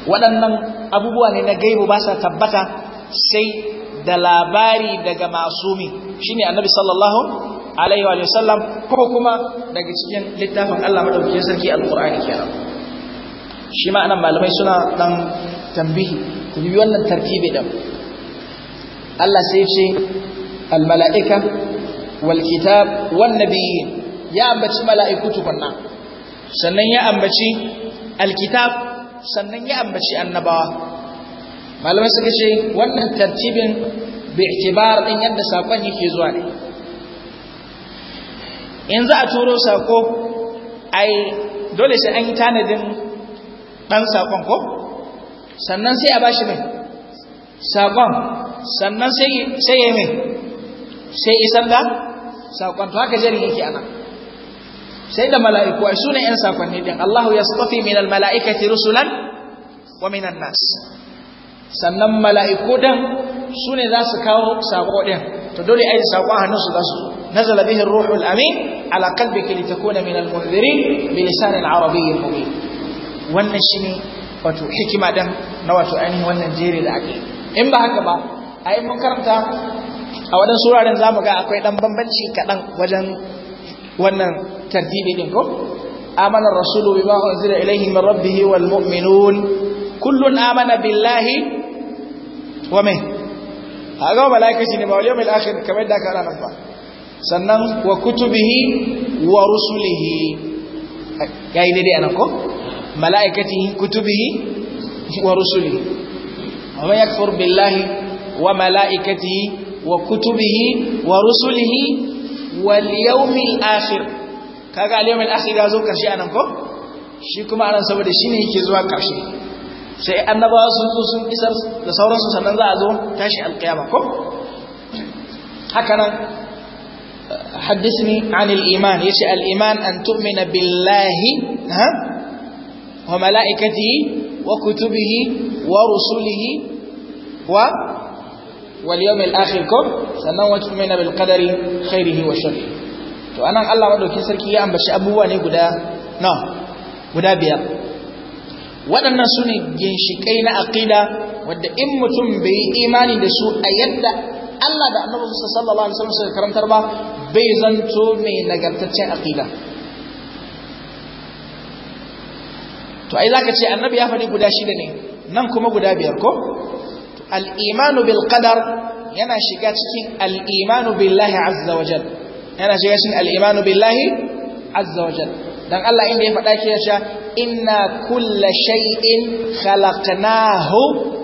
waɗannan abubuwa ne na gaibu ba sa tabbata sai da labari daga masumi shine annabi sallallahu alaihi wa sallam ko kuma daga cikin littafin Allah madaukakin sarki alqur'ani kenan shi ma anan malamai suna dan tambihi ku bi wannan tartibi din Allah sai ce al mala'ika wal kitab wan nabiyyin ya ambaci mala'ikutu tukunna sannan ya ambaci al kitab sannan ya ambaci annabawa malamai suka ce wannan tartibin itibar din yadda sakon yake zuwa ne in za a turo sako ai dole sai an yi tanadin dan sakon ko sannan sai a bashi mai sakon sannan sai sai yi mai sai isan da sakon to haka jari yake anan sai da mala'iku ai sune ‘yan safanni din Allah ya stafi min al-mala'ikati rusulan wa min nas sannan mala'iku din sune za su kawo sako din to dole ai sako a hannunsu za su nazala bihi ruhul amin ala qalbika litakuna min al-munzirin bi lisan al-arabiy mubin wannan shine wato hikima din na wato ainihin wannan jere da ake in ba haka ba ai mun karanta a wadansu wuraren zamu ga akwai dan bambanci kaɗan wajen wannan tartibi din ko amana rasulu bima unzila ilayhi min rabbih wal mu'minun kullun amana billahi wa min haga malaika shine ba yawmil akhir kamar da kana nan ba sannan wa kutubihi wa rusulihi yayi dai anan ko malaikatihi kutubihi wa rusulihi wa yakfur billahi wa malaikatihi wa kutubihi wa rusulihi واليوم الاخر kaga اليوم الاخر ya zo karshe anan ko shi kuma anan saboda shine yake zuwa karshe sai annabawa sun isar da sauransu sannan za zo tashi alqiyama ko haka nan hadisni an aliman yace aliman an tu'mina billahi ha wa malaikatihi wa kutubihi wa rusulihi wa wal yawmil akhir ko sannan wa tu'minu bil qadari khairihi wa sharrihi to anan Allah madaukin sarki ya ambaci abubuwa ne guda na guda biyar waɗannan su ne ginshiƙai na aƙida wadda in mutum bai yi imani da su a yadda Allah da annabi sallallahu alaihi wasallam suka karantar ba bai zanto mai nagartaccen aƙida to ai zaka ce annabi ya faɗi guda shida ne nan kuma guda biyar ko al'imanu bil qadar yana shiga cikin al'imanu billahi azza wajal yana shiga cikin al'imanu billahi azza wajal dan Allah inda ya faɗa ke ya sha inna kulla shaiin khalaqnahu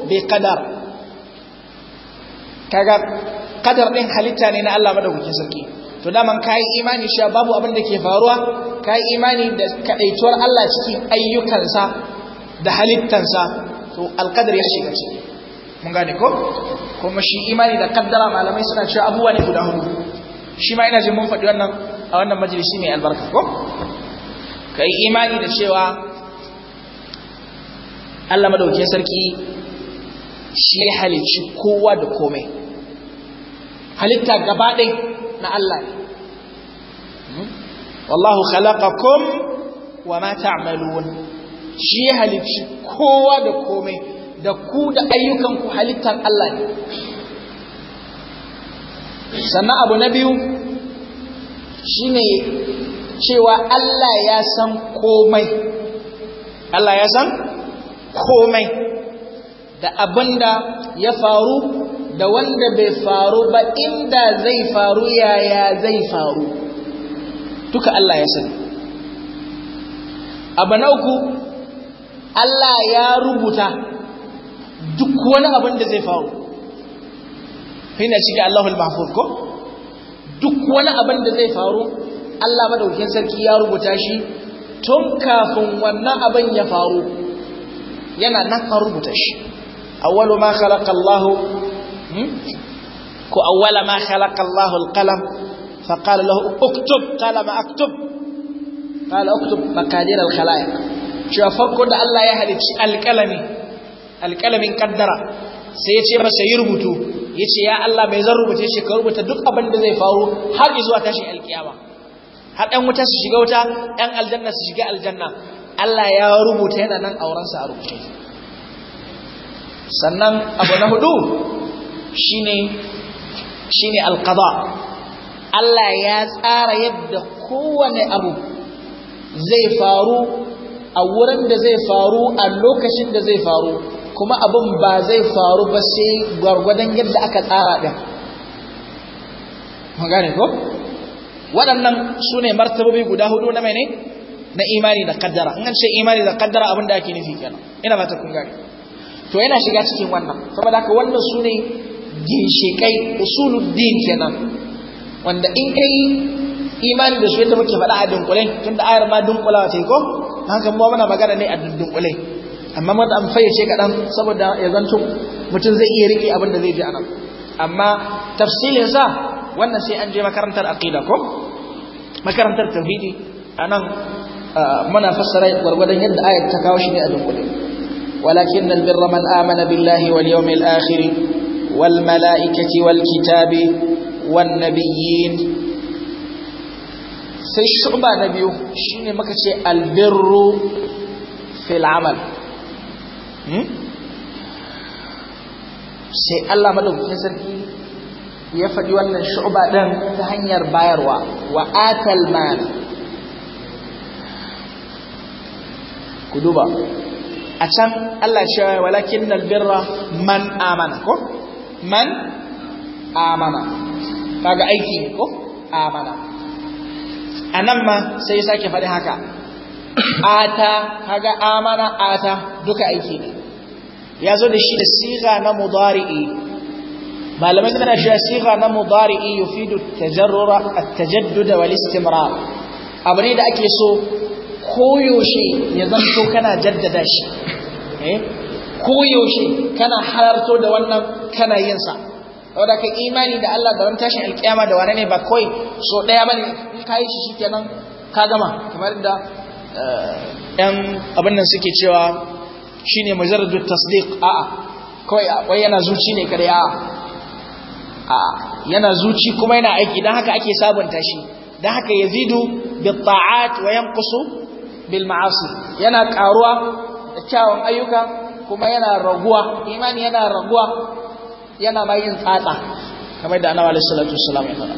bi ƙadar. kaga ƙadar ɗin halitta ne na Allah madaukakin sarki to daman kai imani sha babu abin da ke faruwa kayi imani da kaɗaituwar Allah cikin ayyukansa da halittansa to alƙadar ya shiga ciki mun gane ko kuma shi imani da kaddara malamai suna cewa abubuwa ne guda hudu shi ma ina jin mun faɗi wannan a wannan majalisi mai albarka ko ka yi imani da cewa Allah madaukakin sarki shi ya halicci kowa da komai halitta gaba ɗai na Allah ne hmm? wallahu khalaqakum wa ma ta'malun shi ya halicci kowa da komai da ku da ayyukanku halittar Allah ne sannan abu na biyu shine cewa Allah ya san komai Allah ya san komai da abinda ya faru da wanda bai faru ba inda zai faru yaya zai faru duka Allah ya san. abu na uku Allah ya rubuta duk wani abin da zai faru hina shi ga Allahul Mahfuz ko duk wani abin da zai faru Allah madaukakin sarki ya rubuta shi tun kafin wannan abin ya faru yana nan an rubuta shi awwalu ma khalaqa Allah hmm? ko awwala ma khalaqa Allah al-qalam fa qala lahu uktub qala ma aktub qala uktub maqadir al-khalaiq cewa farko da Allah ya halicci alƙalami alƙalamin kaddara sai ya ce masa yi rubutu ya ce ya Allah mai zan rubuta shi ka rubuta duk abin da zai faru har zuwa tashin alkiyama har ɗan wuta su shiga wuta ɗan aljanna su shiga aljanna Allah ya rubuta yana nan aurensa a rubuce sannan abu na hudu shine shine alqada Allah ya tsara yadda kowane abu zai faru a wurin da zai faru a lokacin da zai faru kuma abin ba zai faru ba sai gwargwadon yadda aka tsara ɗin gane ko waɗannan su ne martabobi guda hudu na ne na imani da kaddara in an ce imani da kaddara abin da ake nufi kenan ina ba ta kun gane to yana shiga cikin wannan saboda haka wannan su ne ginshiƙai usuluddin kenan wanda in ka yi imani da su yadda muke faɗa a dunkulai tunda ayar ma dunkulawa ce ko haka mu muna magana ne a dunkulai amma wanda an fayyace kaɗan saboda ya zanto mutum zai iya riƙe abin da zai ji anan amma tafsilinsa wannan sai an je makarantar aqida ko makarantar tauhidi anan muna fassara gwargwadon yadda ayat ta kawo shi ne a dunkule walakin albirra man amana billahi wal yawmil akhir wal mala'ikati wal kitabi wan nabiyyin sai shuba na biyu shine muka ce albirru fil amal Hmm? sai Allah madaukakin sarki ya faɗi wannan shu'ba ɗin ta hanyar bayarwa wa atal mal ku duba a Allah ce walakin nalbirra man amana ko man amana kaga aiki ko amana a sai sake faɗi haka ata kaga amana ata duka aiki ne ya zo da shi da siga na mudari'i malamai suna shi siga na mudari'i yufidu tajarrura at-tajaddud wal istimrar abu ne da ake so koyaushe ya zanto kana jaddada shi eh? koyaushe kana halarto da wannan kana yin sa saboda kai imani da Allah da wani tashin alkiyama da wani ne ba koi so daya bane kai shi shikenan ka gama kamar da ɗan abin nan suke cewa shi ne mujarradu tasdik. a'a kawai wai yana zuci ne kare a'a a'a yana zuci kuma yana aiki don haka ake sabunta shi Don haka yazidu bil ta'at wa kusu bil ma'asi yana karuwa da kyawun ayyuka kuma yana raguwa imani yana raguwa yana bayin tsata kamar da annabi sallallahu alaihi wasallam ya faɗa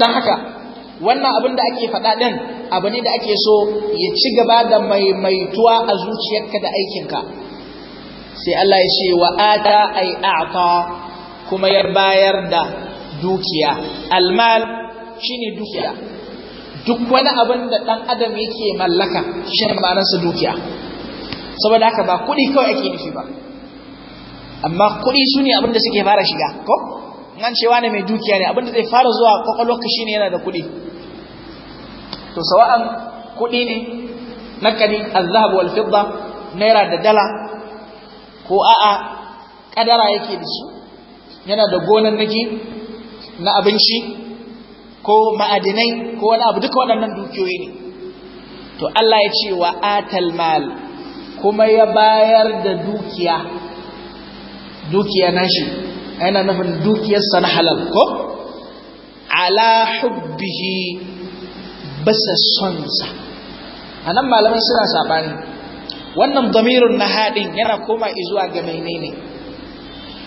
Don haka wannan abin da ake faɗa ɗin abu ne da ake so ya ci gaba da maimaituwa a zuciyarka da aikinka sai Allah ya ce wa ata ay a'ta kuma ya bayar da dukiya almal shine dukiya duk wani abin da ɗan adam yake mallaka shine sa dukiya saboda haka ba kuɗi kawai ake nufi ba amma kuɗi su ne abin da suke fara shiga ko an cewa ne mai dukiya ne abinda zai fara zuwa kwakwalwarka shi ne yana da kuɗi to sawa'an kuɗi ne na nakali azhab wal fidda naira da dala ko a'a kadara yake da shi yana da gonan naki na abinci ko ma'adinai ko wani abu duka waɗannan dukiyoyi ne to Allah ya ce wa atal mal kuma ya bayar da dukiya dukiya nashi yana nufin dukiyarsa na halal ko ala hubbihi basa sonsa a nan malaman suna saɓani wannan damirin na haɗin yana koma izuwa ga menene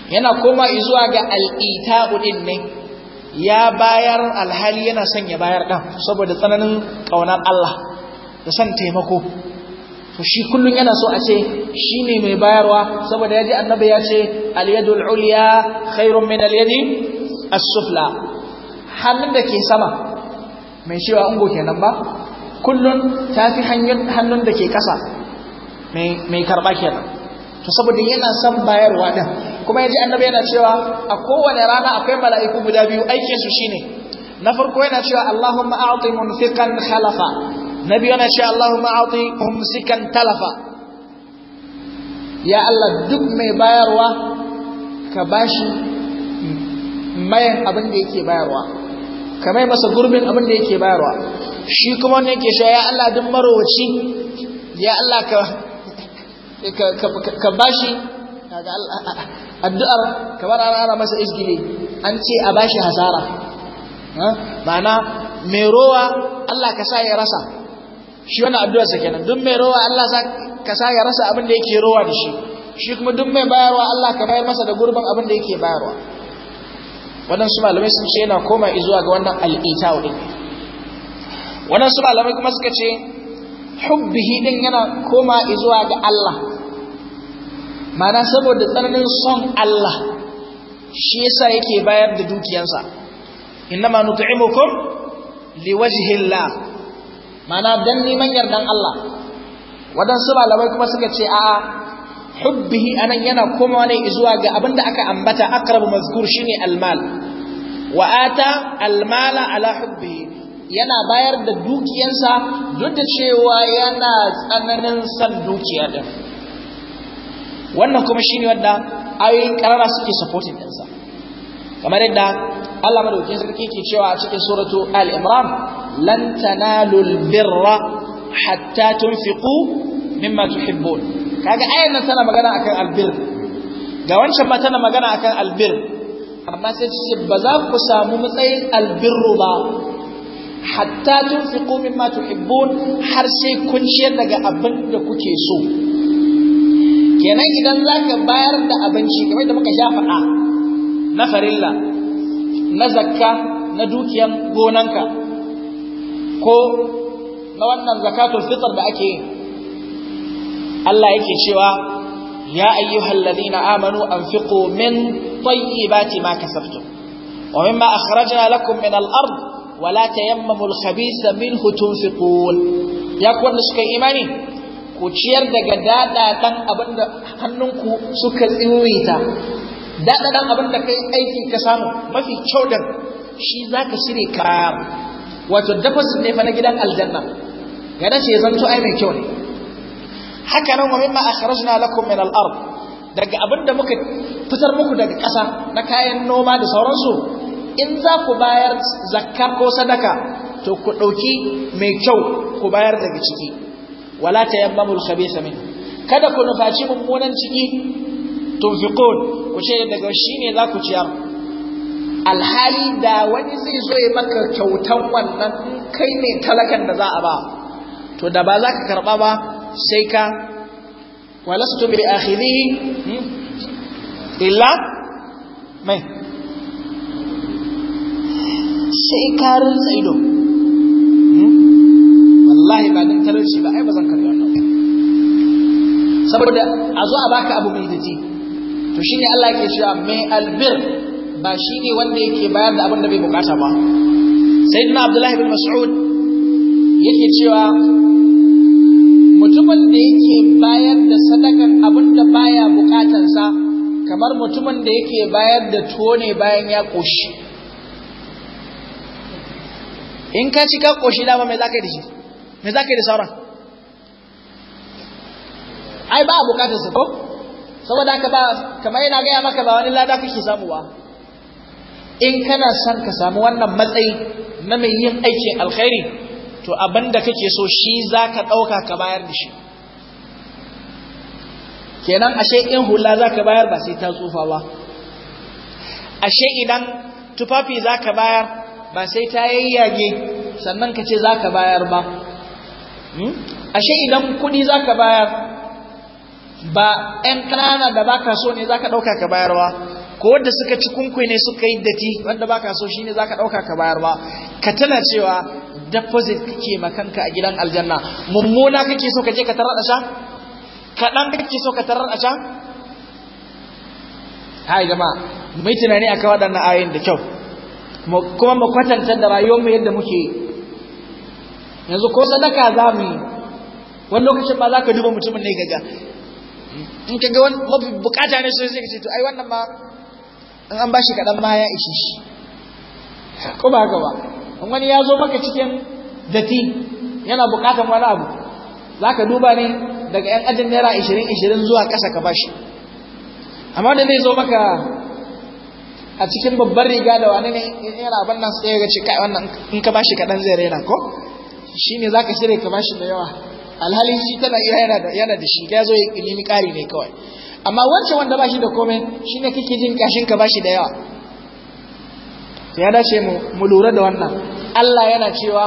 yana koma zuwa ga al'ita'u ɗin ne ya bayar alhali yana son ya bayar ɗan saboda tsananin ƙaunar Allah da son taimako to shi kullun yana so a ce shi ne mai bayarwa saboda yaji annabi ya ce al-yadul ulya khairun min al as-sufla hannun da ke sama mai cewa ungo kenan ba kullun tafi hannun da ke kasa mai karba kenan to saboda yana son bayarwa din kuma yaji annabi yana cewa a kowane rana akwai mala'iku guda biyu aikinsu shine na farko yana cewa Allahumma a'ti munfiqan khalafa na biyu na sha Allahumma a'ti mumsikan talafa ya Allah duk mai bayarwa ka bashi mayan abin da yake bayarwa ka mai masa gurbin abin da yake bayarwa shi kuma wanda yake sha ya Allah duk marowaci ya Allah ka ka bashi kaga addu'ar kamar an ara masa isgile an ce a bashi hasara ma'ana mai rowa Allah ka sa ya rasa shi wani addu'ar sa kenan duk mai rowa Allah sa ka sa ya rasa abin da yake rawa da shi shi kuma duk mai bayarwa Allah ka bayar masa da gurbin abin da yake bayarwa Wannan su malamai sun ce yana koma zuwa ga wannan al'ita'u Wannan su malamai kuma suka ce hubbihi ɗin yana koma zuwa ga Allah mana saboda tsananin son Allah shi yasa yake bayar da dukiyansa innama nut'imukum liwajhillah mana dan neman yardan Allah waɗansu malamai kuma suka ce a'a hubbihi anan yana komawa ne zuwa ga abinda aka ambata akrabu mazkur shine almal wa ata almala ala hubbihi yana bayar da dukiyansa duk da cewa yana tsananin san dukiya din wannan kuma shine wanda ayoyin karara suke supporting sa kamar yadda Allah madaukin sarki ke cewa a cikin suratu al-imran lan tanalul birra hatta tunfiqu mimma tuhibbun kaga ayan nan tana magana akan albir ga wancan ma tana magana akan albir amma sai ce ba za ku samu matsayin albirru ba hatta tunfiqu mimma tuhibbun har sai kun ciyar daga abin da kuke so kenan idan zaka bayar da abinci kamar da muka sha faɗa na farilla na zakka na dukiyan gonanka ko na wannan zakatul fitr da ake yi Allah yake cewa ya ayyuhal ladina amanu anfiqu min tayyibati ma kasabtum wa mimma akhrajna lakum min al-ard wa la tayammamu al-khabitha minhu tunfiqun ya suka imani ku ciyar daga dadadan abinda hannunku suka tsiwita daɗaɗan abin da kai aiki ka samu mafi kyaudan shi za ka shirya ka wato dafasin ne fa na gidan aljanna ya dace ya zanto ai mai kyau ne haka nan wa mimma na lakum min al daga abin da muka fitar muku daga ƙasa na kayan noma da sauransu in za ku bayar zakka ko sadaka to ku ɗauki mai kyau ku bayar daga ciki wala tayammamul khabitha min kada ku nufaci mummunan ciki tunfiqun ku ce daga shi ne za ku ciyar alhali da wani zai zo ya maka kyautan wannan kai ne talakan da za a ba to da ba za ka karɓa ba sai ka walastu bi akhirihi hmm? illa mai sai ka rinsa ido hmm? wallahi ba din tarar ba ai ba zan karbi wannan saboda a zo a baka abu mai daji to shine Allah yake cewa mai albir ba shi ne wanda yake bayar da abin da bai bukata ba sayyidina abdullahi bin mas'ud yake cewa mutumin da yake bayar da sadakan abin da baya bukatansa kamar mutumin da yake bayar da tuwo ne bayan ya koshi in ka ci ka koshi dama mai zaka yi da shi mai zaka yi da sauran ai ba a bukatarsa ko saboda haka ba kamar yana gaya maka ba wani lada kuke samu ba in kana son ka samu wannan matsayi na mai yin aikin alkhairi to abin da kake so shi za ka ɗauka ka bayar da shi kenan ashe in hula za ka bayar ba sai ta tsufa ba ashe idan tufafi za ka bayar ba sai ta yayyage sannan ka ce za ka bayar ba hmm? ashe idan kuɗi za ka bayar ba ‘yan ƙanana da ba so ne za ka ɗauka ka bayarwa ko wadda suka ci kunkwai ne suka yi dati wanda ba so shi ne za ka ɗauka ka bayarwa ka tana cewa deposit kake makanka a gidan aljanna mummuna kake so ka je ka tarar a sha kaɗan kake so ka tarar a sha hai jama'a mai tunani a akan waɗannan ayoyin da kyau kuma mu kwatanta da rayuwarmu yadda muke yanzu ko sadaka za mu yi wani lokacin ba za ka duba mutumin ne gaga in kaga ga wani mabukata ne sai ka ce to ai wannan ma in an bashi kaɗan ma ya ishe shi ko ba haka ba in wani ya zo maka cikin dati yana bukatan wani abu za ka duba ne daga yan ajin naira ishirin ishirin zuwa ƙasa ka bashi amma da zai zo maka a cikin babbar riga da wani ne yana abin nan sai ya ga ce kai wannan in ka bashi kaɗan zai raina ko shi ne za ka shirya ka bashi da yawa alhali shi tana iya yana da shi ya zo ya ilimi kari ne kawai amma wancan wanda ba shi da komai shi ne kake jin kashin ka ba da yawa ya dace mu lura da wannan Allah yana cewa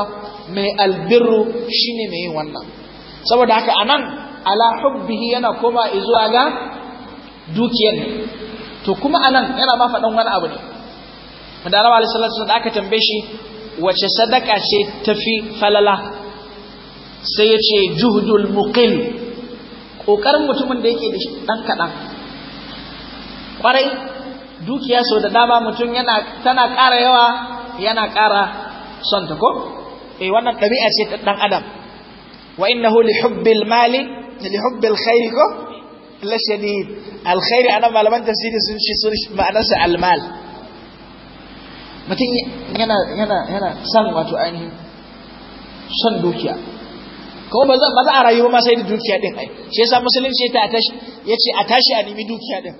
mai albirru shine mai yin wannan saboda haka anan ala hubbihi yana koma zuwa ga dukiyar to kuma anan yana ba faɗan wani abu ne Madara wa sallallahu alaihi wasallam aka tambaye shi wace sadaka ce tafi falala sai ya ce juhdul muqil ƙoƙarin mutumin da yake da shi ɗan kaɗan ƙwarai dukiya sau da dama mutum yana tana ƙara yawa yana ƙara son ta ko eh wannan ɗabi'a ce ta ɗan adam wa innahu li hubbil mali li hubbil khairi ko la shadid al ana malaman tafsiri sun shi sun ma'anarsa al mal mutum yana yana yana son wato ainihin son dukiya ko ba za a rayu ba ma sai da dukiya din ai shi yasa musulunci ta tashi ce a tashi a nemi dukiya din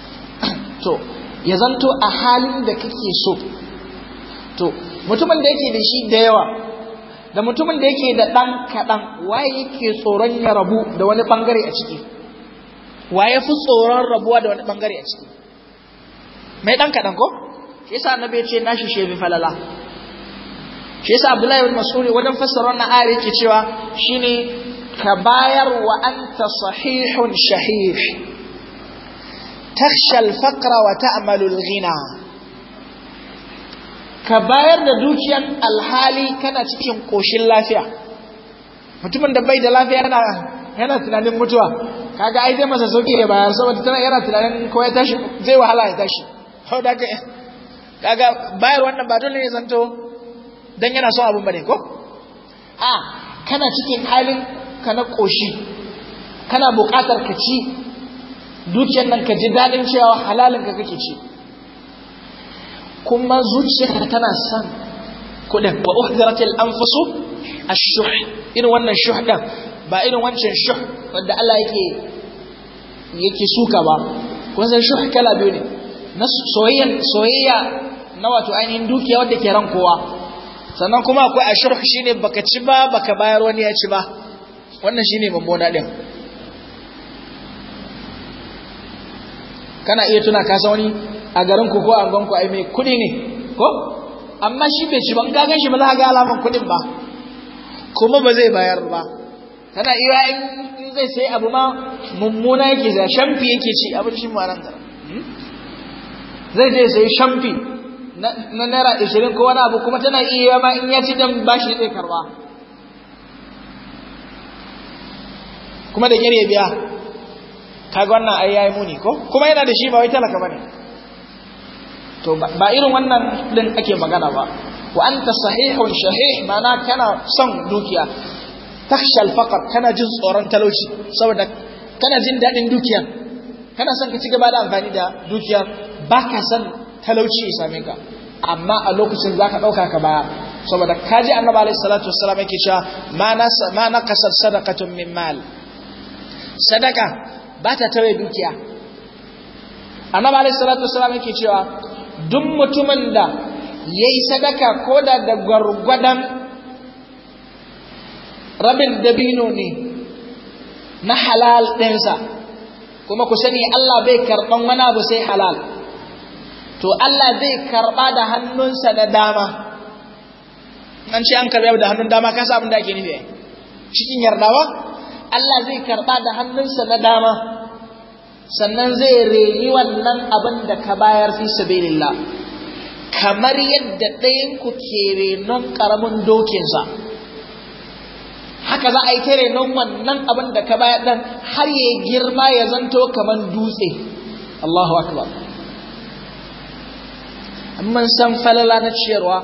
to ya zanto a halin da kake so to mutumin da yake da shi da yawa da mutumin da yake da ɗan kaɗan waye yake tsoron ya rabu da wani ɓangare a ciki waye fi tsoron rabuwa da wani ɓangare a ciki mai ɗan kaɗan ko shi yasa annabi ya ce nashi shebe falala shi yasa Abdullahi ibn Mas'ud wajen fassara wannan ayar yake cewa shine ka bayar wa anta sahihun shahih takhsha al-faqra wa ta'malu al-ghina ka bayar da dukiyar alhali kana cikin koshin lafiya mutumin da bai da lafiya yana yana tunanin mutuwa kaga ai zai masa sauki ya bayar saboda tana yana tunanin ko ya tashi zai wahala ya tashi saboda kaga bayar wannan ba dole ne zanto don yana son abin bane ko a kana cikin halin ka na ƙoshi kana buƙatar ka ci dukiyar nan ka ji daɗin cewa halalin ka kake ci kuma zuciyarka tana son kuɗin wa uhdiratil anfusu ash-shuh irin wannan shuh ɗin, ba irin wancan shuh wanda Allah yake yake suka ba kun san shuh kala biyu ne na soyayya soyayya na wato ainihin dukiya wadda ke ran kowa sannan kuma akwai shi shine baka ci ba baka bayar wani ya ci ba wannan shine mummuna din kana iya tuna ka san wani a garin ku ko a ku ai mai kudi ne ko amma shi bai ci ban gagan shi ba za a ga alaman kudin ba kuma ba zai bayar ba kana iya in zai sai abu ma mummuna yake da shamfi yake ci abin shi ma nan hmm? zai je sai shamfi na naira ishirin ko wani abu kuma tana iya ma in ya ci dan bashi zai karba kuma da kyar ya biya kaga wannan ai yayi muni ko kuma yana da shi ba wai talaka bane to ba irin wannan din ake magana ba wa anta sahihun shahih mana kana son dukiya taksha al-faqr kana jin tsoron talauci saboda kana jin dadin dukiyar kana son ka ci gaba da amfani da dukiyar baka san. talauci ya same ka amma a lokacin za ka ɗauka ka baya? saboda kaji annaba alaihi salatu wassalam yake cewa ma na kasar sadakatun min mal sadaka ba ta tare dukiya annaba alaihi salatu wassalam yake cewa duk mutumin da ya yi sadaka ko da da gwargwadon rabin dabino ne na halal ɗinsa kuma ku sani Allah bai karɓan wani abu sai halal to Allah zai karɓa da hannunsa na dama an ce an karɓa da hannun dama kasa abin da ake nufi cikin yardawa Allah zai karɓa da hannunsa na dama sannan zai reni wannan abin da ka bayar fi sabilillah kamar yadda ɗayan ku ke renon ƙaramin dokinsa haka za a yi ta renon wannan abin da ka bayar ɗan har ya girma ya zanto kamar dutse Allahu akbar mun san falala na ciyarwa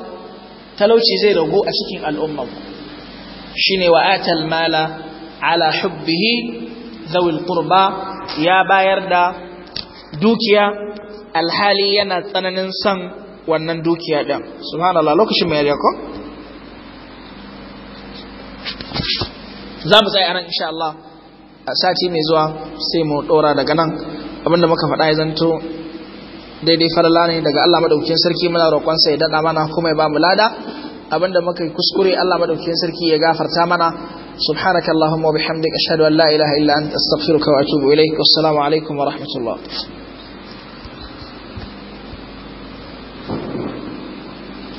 talauci zai rago a cikin al'ummar shine wa atal mala ala hubbihi zawil qurba ya bayar da dukiya alhali yana tsananin san wannan dukiya din subhanallah lokacin mai ko za mu tsaya anan insha Allah sati mai zuwa sai mu dora daga nan abinda muka faɗa ya zanto daidai farala ne daga Allah madaukakin sarki muna roƙon sa ya dada mana kuma ya bamu lada abinda muka kuskure Allah madaukakin sarki ya gafarta mana subhanaka allahumma wa bihamdika ashhadu an la ilaha illa anta astaghfiruka wa atubu ilaik assalamu alaikum wa rahmatullah